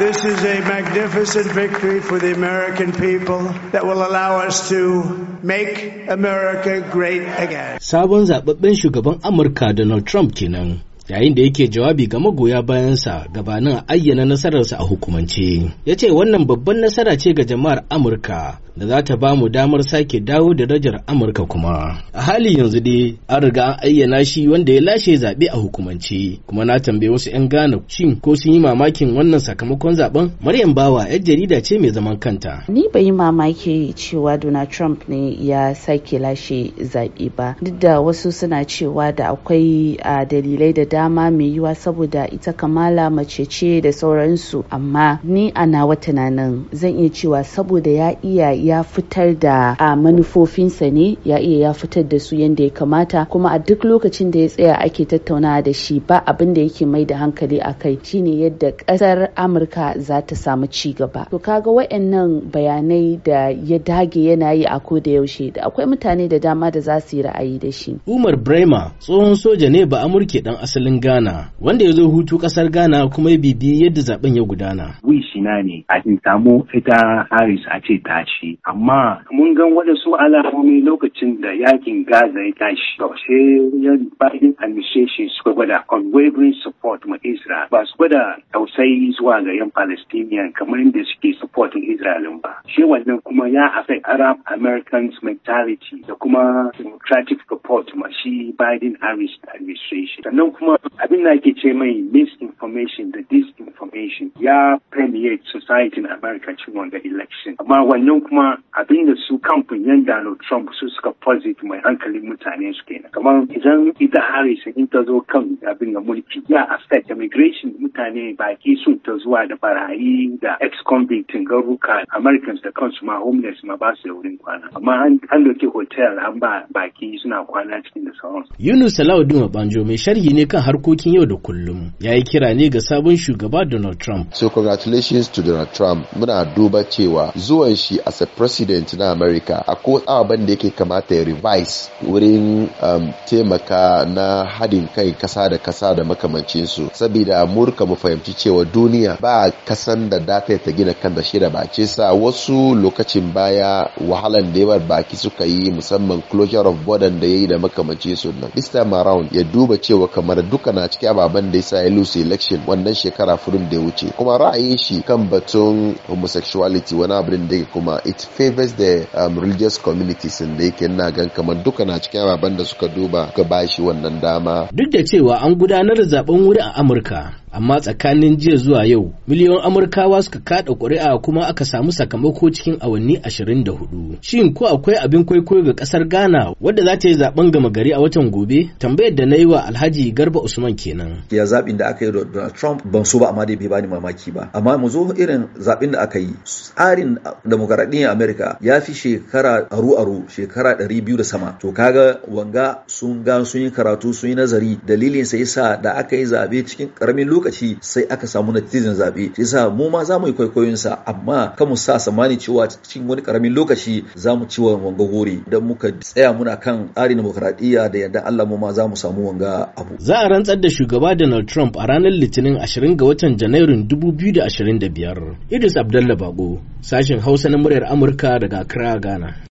This is a magnificent victory for the American people that will allow us to make America great again. Sabon zababben shugaban Amurka Donald Trump kenan. yayin da yake jawabi ga magoya bayansa gabanin ayyana nasararsa a hukumance ya ce wannan babban nasara ce ga jama'ar amurka da za ta ba mu damar sake dawo da darajar Amurka kuma. A hali yanzu dai an riga an ayyana shi wanda ya lashe zaɓe a hukumance kuma na tambayi wasu 'yan gana shin ko sun yi mamakin wannan sakamakon zaɓen. Maryam Bawa 'yar jarida ce mai zaman kanta. Ni bai yi mamaki cewa Donald Trump ne ya sake lashe zaɓe ba duk da wasu suna cewa da akwai dalilai da dama mai yiwa saboda ita Kamala mace ce da sauransu amma ni a nawa tunanin zan iya cewa saboda ya iya ya fitar da a manufofinsa ne ya iya ya fitar da su yadda ya kamata kuma a duk lokacin da ya tsaya ake tattauna da shi ba abin da yake mai da hankali a kai shine yadda ƙasar amurka za ta samu ci gaba to kaga wayannan bayanai da ya dage yana yi a ko da yaushe da akwai mutane da dama da za su yi ra'ayi da shi umar brema tsohon soja ne ba amurke dan asalin ghana wanda ya zo hutu ƙasar ghana kuma ya bibi yadda zaben ya gudana wishina ne a samu ita harris a ce ta amma mun gan waɗansu alamomi lokacin da yakin gaza ya tashi to sai ya biden administration suka gwada unwavering support ma israel ba su gwada tausayi zuwa ga yan palestinian kamar yadda suke supporting israel ba shi wannan kuma ya affect arab americans mentality da kuma democratic support ma shi biden harris administration sannan kuma abin da ake ce mai misinformation da disinformation ya permeate society in america cikin wanda election amma wannan kuma uma da su yan Donald Trump su suka posit mai hankalin mutane su na. kamar idan ita Harris in ta zo kan abin da mulki ya affect immigration mutane baki sun ta zuwa da barayi da ex-convict garuka Americans da kansu ma homeless ma ba su da wurin kwana amma an doke hotel an ba baki suna kwana cikin da sauran. Yunus Salahuddin banjo mai sharhi ne kan harkokin yau da kullum ya yi kira ne ga sabon shugaba Donald Trump. So congratulations to Donald Trump muna duba cewa zuwan shi as a president da na america akwai ababen da yake kamata ya revise wurin um, taimaka na haɗin kai kasa da kasa da makamancinsu saboda murka mu fahimci cewa duniya ba kasan da data ta gina kan da shida ba ce sa wasu lokacin baya wahalan da yawar baki suka yi musamman closure of border da yayi da makamancinsu nan this time around ya duba cewa kamar duka na cikin ababen da yasa ya lose election wannan shekara furin da ya wuce kuma ra'ayin shi kan batun homosexuality wani abin da kuma it favor diverse da um, religious communities da yake na gan kamar duka na cikin ababen da suka duba ka bashi wannan dama duk da cewa an gudanar da zaben wuri a Amurka amma tsakanin jiya zuwa yau miliyon amurkawa suka kada ƙuri'a kuma aka samu sakamako cikin awanni 24 shin ko akwai abin kwaikwayo ga ƙasar ghana wadda za ta yi zaben gama gari a watan gobe tambayar da na yi wa alhaji garba usman kenan ya zaɓin da aka yi da donald trump ban so ba amma dai bai bani mamaki ba amma mu zo irin zaɓin da aka yi tsarin demokaradiyyar america ya fi shekara aru aru shekara ɗari biyu da sama to kaga wanga sun ga sun yi karatu sun yi nazari dalilin sai sa da aka yi zaɓe cikin ƙaramin lokaci lokaci sai aka samu natijan zaɓe shi yasa mu ma zamu yi kwaikwayon sa amma kan mu sa samani cewa cikin wani karamin lokaci zamu mu ci wanga gori idan muka tsaya muna kan tsarin demokradiyya da yadda Allah mu ma zamu samu wanga abu za a rantsar da shugaba Donald Trump a ranar Litinin 20 ga watan Janairun 2025 Idris Abdullahi Bago sashen Hausa na muryar Amurka daga Accra Ghana